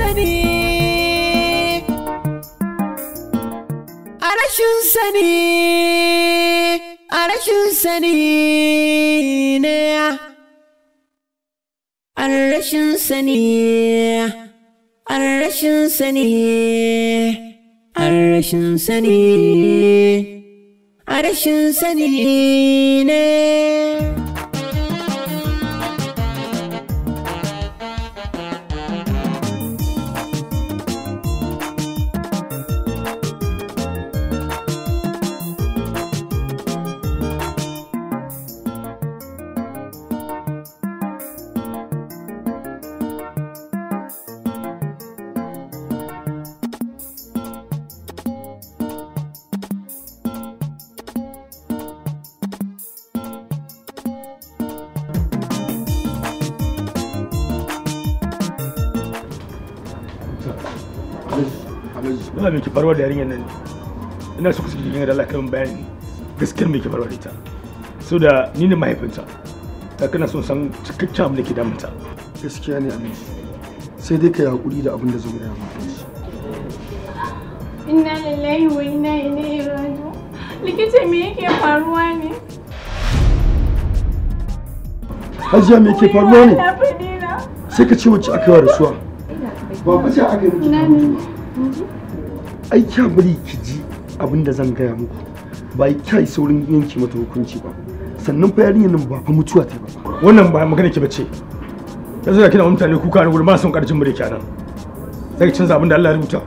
sani a sani a sani ne sani sani sani sani ne ina mai ki farwa da yarinyar nan ina so ku saki yin da Allah kan bayani gaskiyar mai ki farwa da ita so da ni ne mahaifinta ta kana son san cikakken abin da ke damunta gaskiya ne amin sai dai ka yi hakuri da abin da zai gaya maka inna lillahi wa inna ilaihi raji'un likita me yake faruwa ne Hajiya me yake faruwa ne? Sai ka ce wacce aka yi wa rasuwa. Ba ku ce aka yi miki. ai kya bari ki ji abin da zan gaya muku ba kya saurin yanke mata hukunci ba sannan fa yarinyar nan ba fa mutuwa ta ba wannan ba magana ki bace yanzu da kina mutane kuka ne gurin ba son karcin mure kenan sai ki canza abin da Allah ya rubuta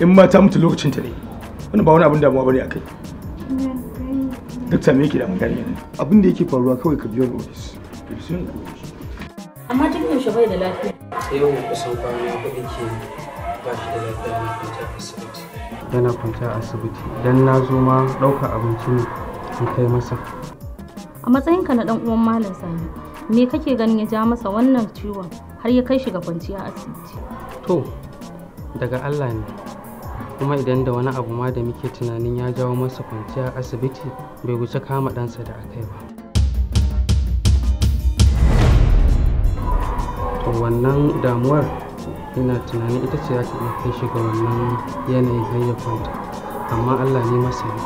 in ma ta mutu lokacin ta ne wannan ba wani abin damuwa bane akai dokta me yake da magana ne abin da yake faruwa kawai ka biyo office amma tun yaushe bai da lafiya yau kusan kwana hudu ke ba shi da lafiya ne ta asibiti yana kwanciya a asibiti don na zo ma ɗauka abinci ne in kai masa a matsayinka na ɗan uwan malam sani me kake ganin ya ja masa wannan ciwon har ya kai shi ga kwanciya asibiti to daga allah ne kuma idan da wani abu ma da muke tunanin ya jawo masa kwanciya asibiti bai wuce kama ɗansa da aka yi ba to wannan damuwar ina tunanin ita ce za ta iya kai shi ga wannan yanayin har kwanta amma allah ne masani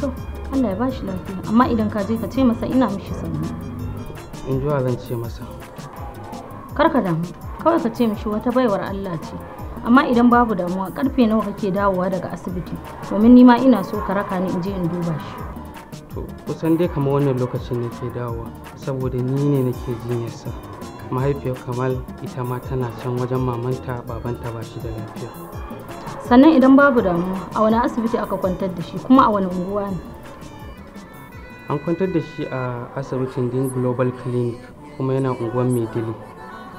to allah ya ba shi lafiya amma idan ka je ka ce masa ina mishi sannu in zuwa zan ce masa kar damu kawai ka ce mishi wata baiwar allah ce amma idan babu damuwa karfe nawa kake dawowa daga asibiti domin nima ina so ka raka ni in je in duba shi to kusan dai kamar wannan lokacin nake dawowa saboda ni ne nake jinyarsa mahaifiyar kamal ita ma tana can wajen mamanta babanta ba shi da lafiya sannan idan babu damuwa a wani asibiti aka kwantar da shi kuma a wani unguwa ne an kwantar da shi a asibitin din global clinic kuma yana unguwar maidili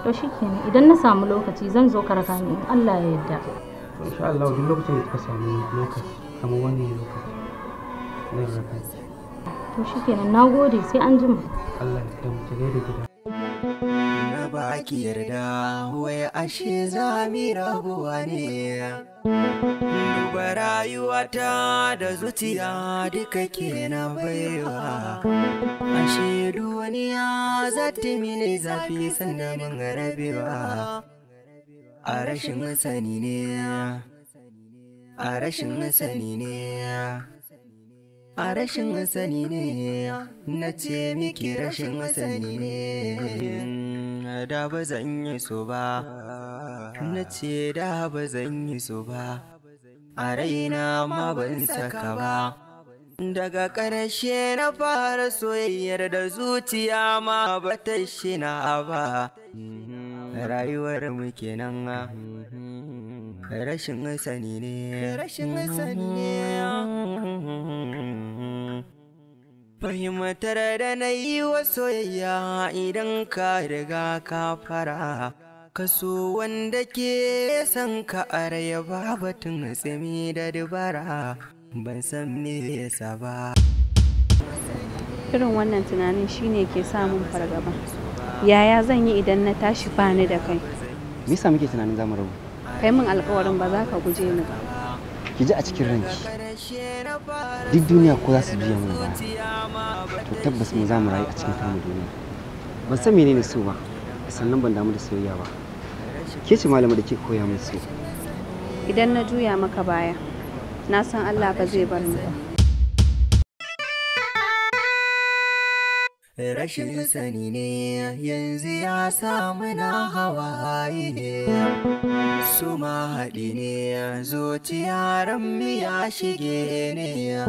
to kenan idan na samu lokaci zan zo karaka ne in allah ya yarda insha allah duk lokacin da ka samu lokaci kama wannan lokaci zan raka to na gode sai an jima allah ya kai mu gida ba ki yarda wai ashe za mi rabuwa ne duba rayuwata da zuciya duka ke na baiwa ashe duniya za ta mini zafi sannan mun rabewa a rashin sani ne a rashin sani ne a rashin sani ne na ce miki rashin sani ne mm, da ba zan yi so ba na ce da ba zan yi so ba a raina ma ban saka ba daga ƙarshe na fara soyayyar da zuciya ma ba ta shi na ba mm, rayuwar mu kenan rashin sani ne rashin sani ne mm. Fahimtar da na yi wa soyayya idan ka riga ka fara. Kaso wanda ke san ka araya batun tsimi da dubara ban san me yasa ba. Irin wannan tunanin shine ke samun fargaba. Yaya zan yi idan na tashi bani da kai? Me yasa muke tunanin zamu rabu? Kai min alkawarin ba za ka guje ni ba. ki ji a cikin ranki duk duniya ko za su biya mu ba to tabbas mu za mu rayu a cikin kamun duniya ban san menene so ba sannan ban damu da soyayya ba ke ce malama da ke koya min so idan na juya maka baya na san Allah ba zai bar ni ba rashin sani ne yanzu ya sa muna hawaye ne su ma haɗi ne mu miya shige ne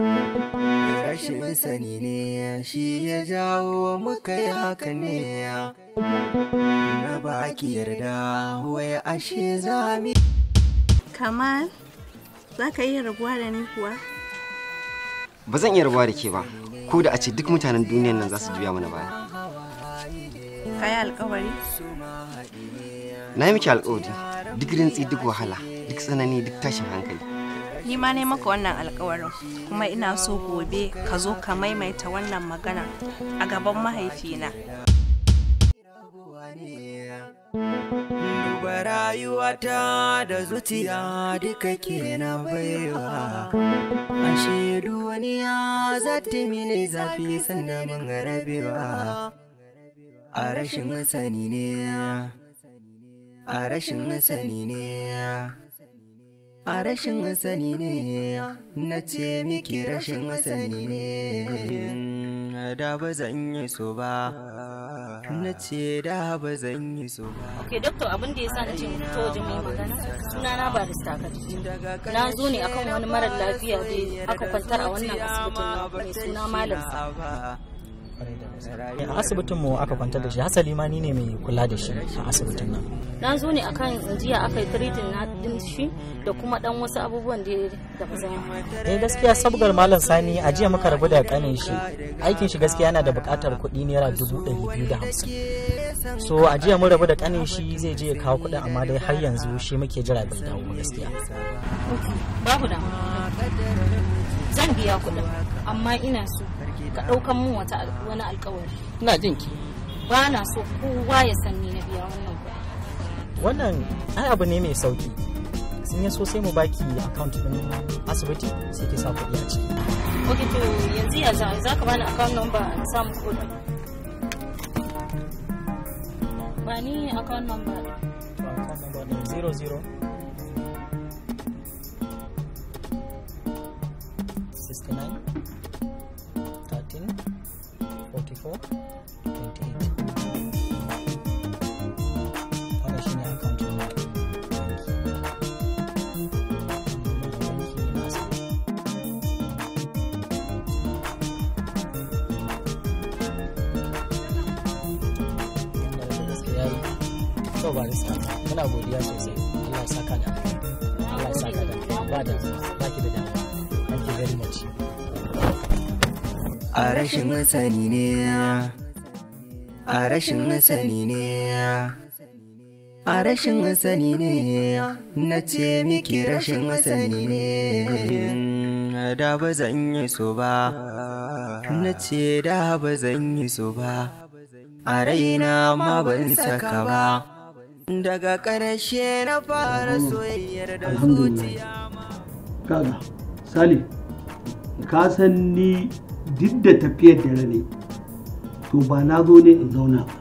rashin sani ne shi ya jawo muka yi haka ne na baki yarda wai ashe zami Kamar, za ka yi rabuwa da ni kuwa ba zan iya rabuwa da ke ba ko da a ce duk mutanen duniyan nan za su juya mana baya kayi alkawari na yi miki alkawari duk rintsi duk wahala duk tsanani duk tashin hankali ni ma ne maka wannan alkawarin kuma ina so gobe ka zo ka maimaita wannan magana a gaban mahaifina Thank you. Barayuwa ta da zuciya duka ke na baiwa ashe wani ya ta mini zafi sannan mun rabewa a rashin sani ne a rashin sani ne a rashin sani ne na ce miki rashin sani ne da ba zan yi so ba na ce da ba zan yi so ba ok doctor abin da ya sa na ce fito wajen mai magana suna na ba rista na zo ne akan wani marar lafiya da aka kwantar a wannan asibitin na mai suna malam a asibitin mu aka kwantar da shi hasali ma ni ne mai kula da shi a asibitin nan na zo ne akan jiya aka yi tiritin na din shi da kuma dan wasu abubuwan da ba zan eh, gaskiya sabgar malam sani a jiya muka rabu da kanin shi aikin shi gaskiya yana da buƙatar kuɗi naira dubu ɗari biyu da hamsin so a jiya mun rabu da kanin shi zai je ya kawo kuɗin amma dai har yanzu shi muke jira bai dawo gaskiya babu da zan biya kuɗin amma ina so ka ɗaukan mun wata wani alkawari ina jin ki ba na so kowa ya san ni na biya wannan kuɗi wannan ai abu ne mai sauki in ya so sai mu baki account din asibiti sai ke sa kuɗi a ciki ok to yanzu ya za ka bani account number na ba ni account number to account 00 13 44 28 a rashin sani ne a rashin sani rashin sani ne na ce miki rashin sani ne da ba zan yi so ba na ce da ba zan yi so ba a raina ma ban saka ba daga ƙarshe na fara mm. soyayyar da zuciya kaga sali ka san ni duk da tafiyar dare ne to ba na zo ne in zauna ba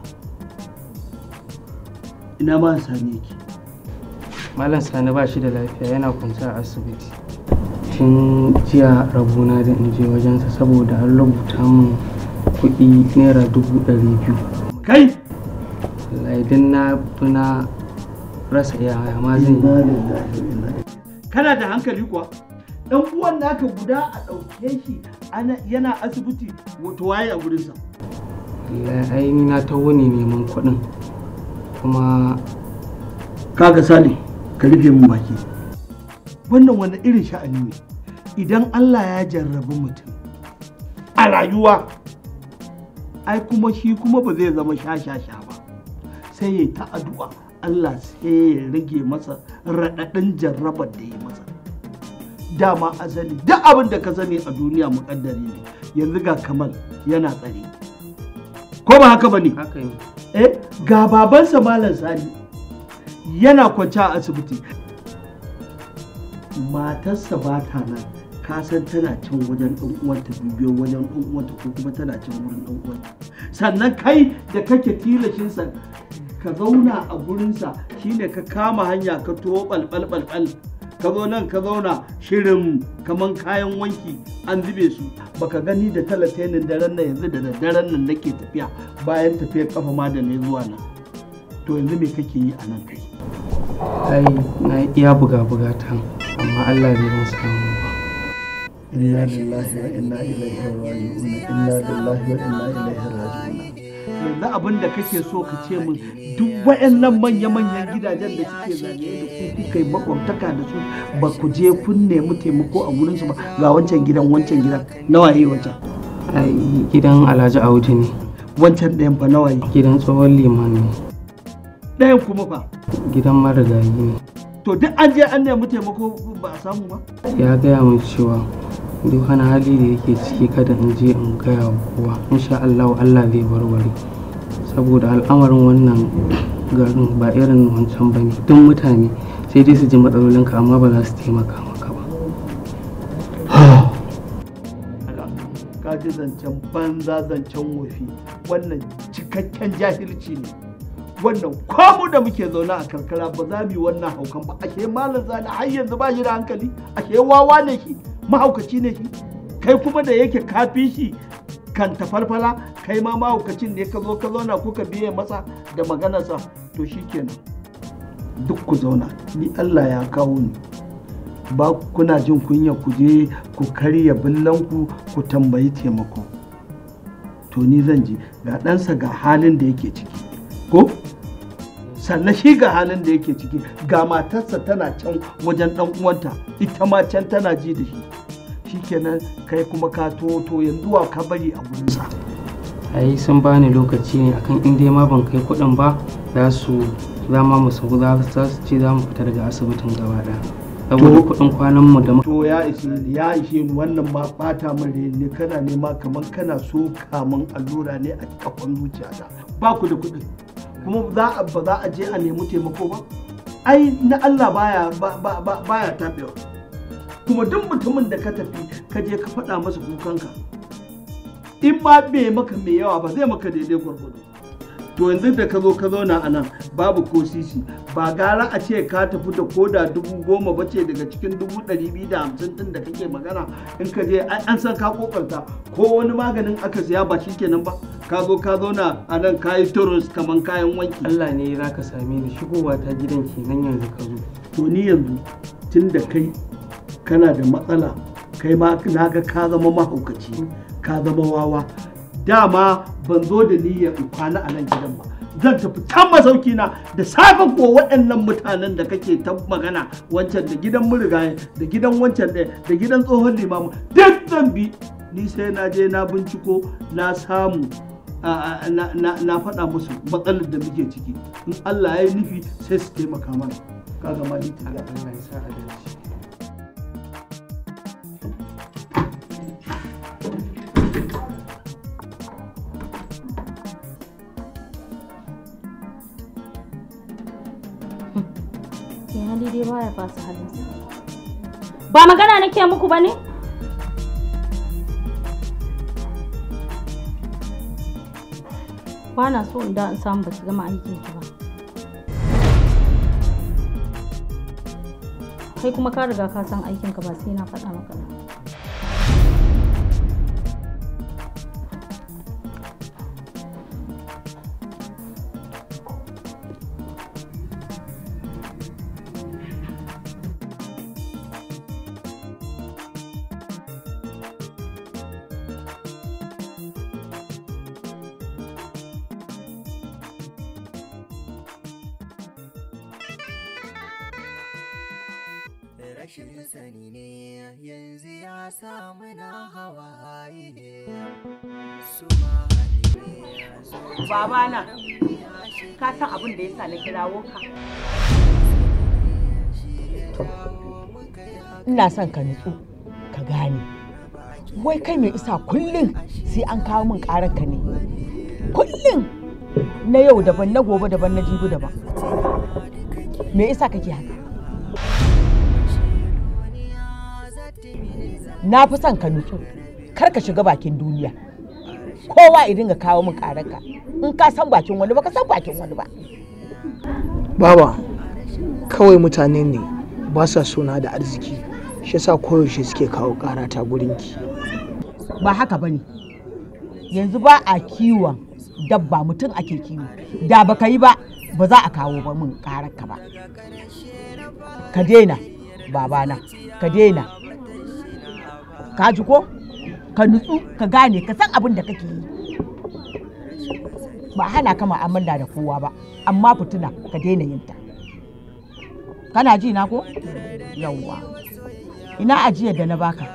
ina ma sani ki malam sani ba shi da lafiya yana kwance a asibiti tun jiya rabuna da in je wajensa saboda har rubuta min kuɗi naira dubu ɗari biyu kai idan na na rasa iyawa ma zan yi kana da hankali kuwa dan uwan naka guda a ɗauke shi yana asibiti wato waye a gurinsa ai ni na ta wani neman kuɗin kuma kaga sani ka rufe min baki wannan wani irin sha'ani ne idan Allah ya jarrabi mutum a rayuwa ai kuma shi kuma ba zai zama sha-sha-sha ba sai ya ta addu'a Allah sai ya rage masa raɗaɗin jarrabar da ya masa dama azali duk abin da ka zane a duniya muƙaddari ne yanzu ga kamal yana tsare ko ba haka ba ne eh ga babansa malam sani yana kwance a asibiti matarsa ba ta nan ka san tana cin wajen ɗan uwanta bibiyo wajen ɗan uwanta ko kuma tana cin wurin ɗan uwanta sannan kai da kake sa ka zauna a gurinsa shine ka kama hanya ka tuwo ɓalɓal-ɓalɓal ka zo nan ka zauna shirin kaman kayan wanki an zube su baka gani da talatainin daren nan yanzu da daren nan nake tafiya bayan tafiyar kafa ma da ne zuwa nan to yanzu me kake yi a nan kai ai na iya buga buga ta amma Allah bai ban samu ba inna lillahi wa inna ilaihi raji'un inna lillahi wa inna ilaihi raji'un yanzu abin da kake so ka ce min duk waɗannan manya-manyan gidajen da suke zagaye da ku kuka yi makwabtaka da su ba ku je kun nemi taimako a wurinsu ba ga wancan gidan wancan gidan nawa yi wancan gidan alhaji audu ne wancan ɗayan fa nawa yi gidan tsohon liman ne ɗayan kuma fa gidan marigayi ne to duk an je an nemi taimako ba a samu ba ya gaya min cewa duk wani hali da yake ciki kada in je in gaya wa kowa insha Allah Allah zai warware saboda al'amarin wannan garin ba irin wancan ba ne duk mutane sai dai su ji matsalolinka amma ba za su taimaka maka ba ka ji zancen banza zancen wofi wannan cikakken jahilci ne wannan kwamu da muke zauna a karkara ba za mu yi wannan haukan ba Ake malam zane har yanzu ba shi da hankali ake wawa ne ke? mahaukaci ne shi kai kuma da yake kafi shi kan tafalfala, kai ma mahaukacin ne ka zo ka zauna kuka biye masa da maganarsa to shi kenan. duk ku zauna ni Allah ya kawo ni ba kuna jin kunya ku je ku karya billanku ku tambayi taimako to ni zan je ga ɗansa ga halin da yake ciki ko sannan shi ga halin da yake ciki ga matarsa tana can wajen ɗan uwanta ita ma can tana ji da shi shikenan kai kuma ka to yanzu wa ka bari a gurinsa ai sun bani lokaci ne akan in dai ma ban kai kuɗin ba za su za ma mu za su ce za mu fita daga asibitin gaba ɗaya saboda kuɗin kwanan mu da to ya ishe ya ishe wannan ma bata min ne kana nema kaman kana so kamun allura ne a kafan zuciyata ba ku da kuɗi kuma za a ba za a je a nemi taimako ba ai na Allah baya baya taɓewa kuma duk mutumin da ka tafi ka je ka faɗa masa kukan ka in ba bai maka mai yawa ba zai maka daidai gwargwado to yanzu da ka zo ka zauna a nan babu ko sisi ba gara a ce ka tafi da koda dubu goma ba ce daga cikin dubu ɗari biyu da hamsin ɗin da kake magana in ka je an san ka kokarta ko wani maganin aka siya ba shi kenan ba ka zo ka zauna a nan ka yi turus kamar kayan wanki Allah ne ya ka same ni shigowa ta gidan kenan yanzu ka zo to ni yanzu tun da kai kana da matsala kai ma na ga ka zama mahaukaci ka zama wawa dama ban zo da niyyar in kwana a nan gidan ba zan tafi can masauki na da safe ko waɗannan mutanen da kake ta magana wancan da gidan murigaye da gidan wancan ɗaya da gidan tsohon limamu duk zan bi ni sai na je na binciko na samu na faɗa musu matsalar da muke ciki in Allah ya yi nufi sai su taimaka mana ka ma ni tare Allah ya sa adalci baya ba su halin ba magana nake muku ba ne ba na so in da in samu ba su gama aikin ki ba kai kuma ka riga ka san aikinka ba sai na faɗa maka ba Rashin sani ne yanzu ya sa muna hawaye ne su Babana, ka san abin da ya sa na kirawo ka. Ina son ka nutsu ka gane. Wai kai mai isa kullum sai an kawo min ƙarar ne. Kullum na yau daban na gobe daban na jibi daban. Me isa kake haka? na fi son ka nutsu kar ka shiga bakin duniya kowa ya dinga kawo min karanka in ka san bakin wani ba ka san bakin wani ba baba kawai mutane ne ba sa suna da arziki shi yasa koyaushe suke kawo karata gurinki ba haka ba ne, yanzu ba a kiwon dabba mutum ake kiwo da baka yi ba ba za a kawo ba min karanka ba ka daina babana ka daina ka ji ko ka nutsu ka gane ka san abin da kake yi ba hana ka mu'amala da kowa ba amma fituna ka daina yin ta kana ji na ko yawwa ina ajiyar da na baka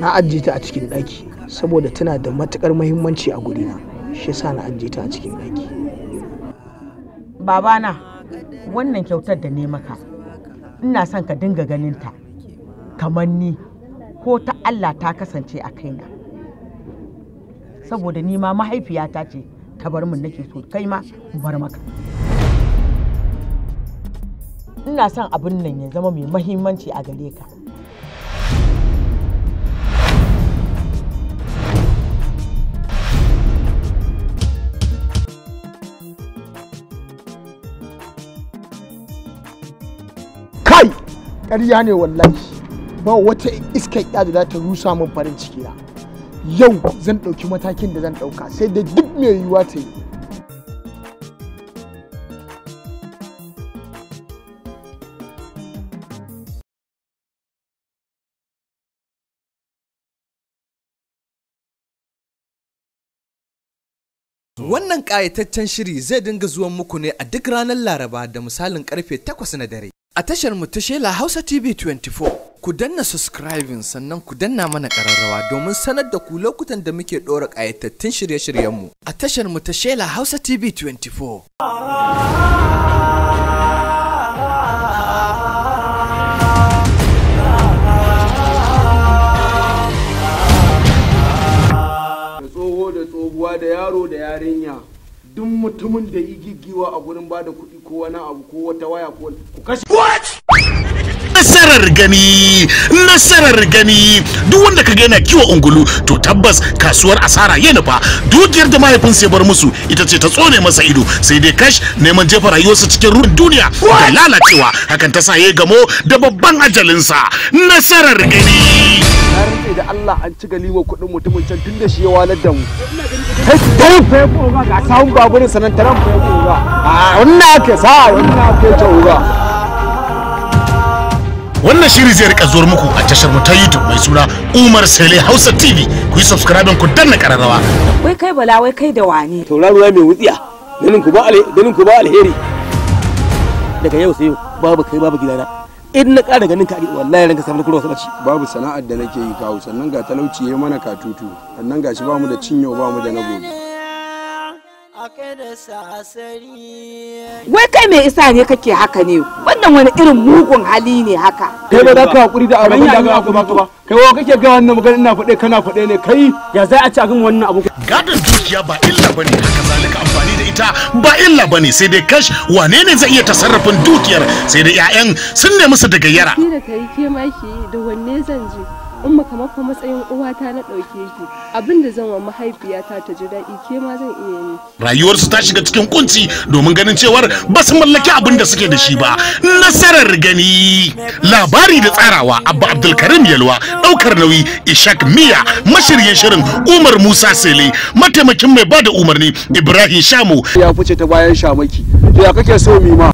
na ajiye ta a cikin ɗaki saboda tana da matukar muhimmanci a na shi yasa na ajiye ta a cikin ɗaki babana wannan kyautar da ne maka ina son ka dinga ganin ta kamar ni ko ta Allah ta kasance a kai na saboda nima ma mahaifiyata ce ta bar min nake so kai ma bar maka ina son abin nan ya zama mai mahimmanci a gare ka kai ƙarya ne wallahi ba wata iskar ya da za ta rusa min farin ciki na yau zan ɗauki matakin da zan ɗauka sai da duk mai yiwuwa ta yi Wannan ƙayataccen shiri zai dinga zuwan muku ne a duk ranar Laraba da misalin karfe 8 na dare. A tashar mu ta Shela Hausa TV 24. ku danna subscribing sannan ku danna mana ƙararrawa domin sanar da ku lokutan da muke ɗora ƙayatattun shirye-shiryenmu a tashar mu ta Shela Hausa TV 24. Da tsoho da da yaro da yarinya duk mutumin da yi giggiwa a gurin bada kuɗi ko wani abu ko wata waya ko ku kashe. nasarar gani nasarar gani duk wanda ka yana kiwo ungulu to tabbas kasuwar asara ya nufa dukiyar da mahaifinsa ya bar musu ita ce ta tsone masa ido sai dai kash neman jefa rayuwarsa cikin ruwan duniya da lalacewa hakan ta sa ya gamo da babban ajalinsa nasarar gani da Allah kuɗin mutumin can tun da shi ake sa wannan wannan shiri zai rika zuwa muku a tashar mu ta YouTube mai suna Umar Sale Hausa TV ku yi subscribe ku danna kararrawa wai kai bala wai kai da wane tauraro ya mai wutsiya ganin ku ba ganin ku ba alheri daga yau sai babu kai babu gidana in na ƙara ganin ka wallahi ranka samu kurwa sabaci babu sana'ar da nake yi kawo sannan ga talauci ya mana katutu sannan gashi ba mu da cinyo ba mu da na gobe Wai kai mai isa ne kake haka ne wannan wani irin mugun hali ne haka. Kai ba za ka haƙuri da abin da aka baka ba. Kai wa kake ga wannan magana ina faɗe kana faɗe ne kai ya za a ci a wannan abu. Gadon dukiya ba illa bane haka zalika amfani da ita ba illa bane sai dai kash wane ne zai iya tasarrafin dukiyar sai dai 'ya'yan sun nemi su da yara. Ni da kai ke ma da wanne zan je. in kamar matsayin uwata na ɗauke ki abin da zan wa mahaifiyata ta ji daɗi ke ma zan iya yi rayuwarsu ta shiga cikin kunci domin ganin cewar ba su mallaki abin da suke da shi ba nasarar gani labari da tsarawa abba abdulkarim yalwa ɗaukar nauyi ishak miya mashiryin shirin umar musa sele mataimakin mai bada umarni ibrahim shamu ya fice ta bayan shamaki ya kake so mi ma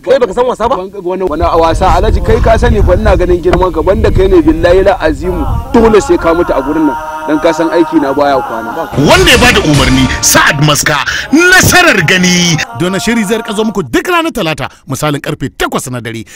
kai baka san wasa ba wani wasa alhaji kai ka sani ba ina ganin girman ka banda kai ne billahi la azimu dole sai ka mutu a gurin nan dan ka san aiki na baya kwana wanda ya ba da umarni sa'ad maska nasarar gani dona shiri zai rika zo muku duk ranar talata misalin karfe 8 na dare